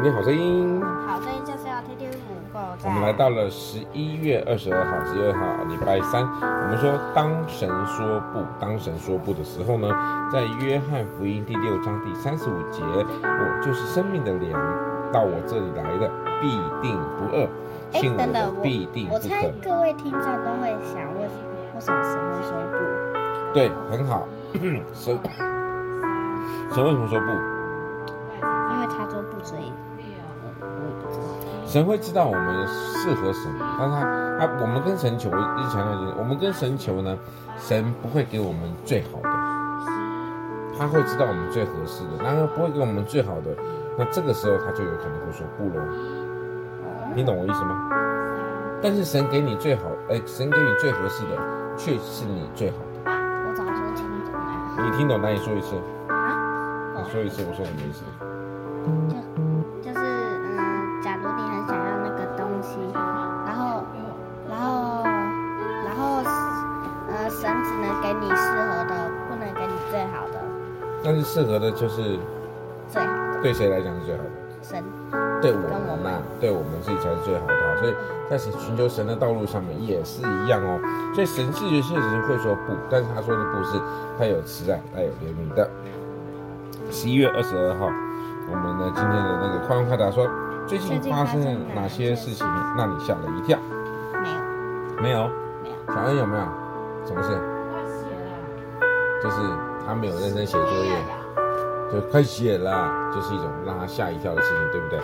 Ting Ting 好聲音。好聲音就是要 Ting Ting 五個。我們來到了十一月二十二號，十二號禮拜三。我們說，當神說不，當神說不的時候呢，在約翰福音第六章第三十五節，我就是生命的糧，到我這裡來的必定不餓。哎、欸，等等，必定不我我猜各位聽眾都會想問，為什麼說不？對，很好， 神神為什麼說不？因為他說不所以。神會知道我們適合什麼，但是他，他，他，我們跟神求，我強調一句，就是，我們跟神求呢，神不會給我們最好的，他會知道我們最合適的，然後不會給我們最好的，那這個時候他就有可能會說不了，你懂我意思嗎？但是神給你最好，哎，呃，神給你最合適的卻是你最好的。我早就聽懂了。你聽懂，那你說一次。你說一次，啊，說一次。我說什麼意思？嗯只能給你適合的，不能給你最好的。但是適合的，就是最好的。對誰來講是最好的？神。對我們那、啊，對我們自己才是最好的。所以，在尋尋求神的道路上面也是一樣哦。所以神自己確實會說不，但是他說的不是，他有慈愛，他有憐憫的。十一月二十二號，我們呢今天的那個快問快答說，最近發生了哪些事情讓你嚇了一跳？沒有。沒有。沒有。碩恩有沒有？什麼事？就是他沒有認真寫作業，就快寫了，就是一種讓他嚇一跳的事情，對不對？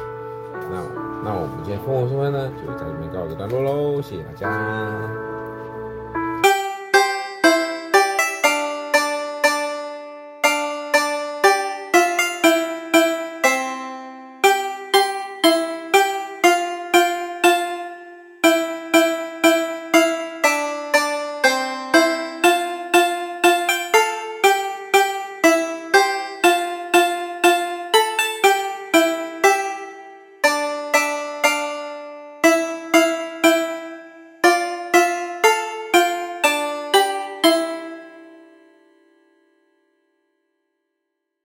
那那我們今天《豐禾碩恩》呢，就在這邊告一段落嘍，謝謝大家。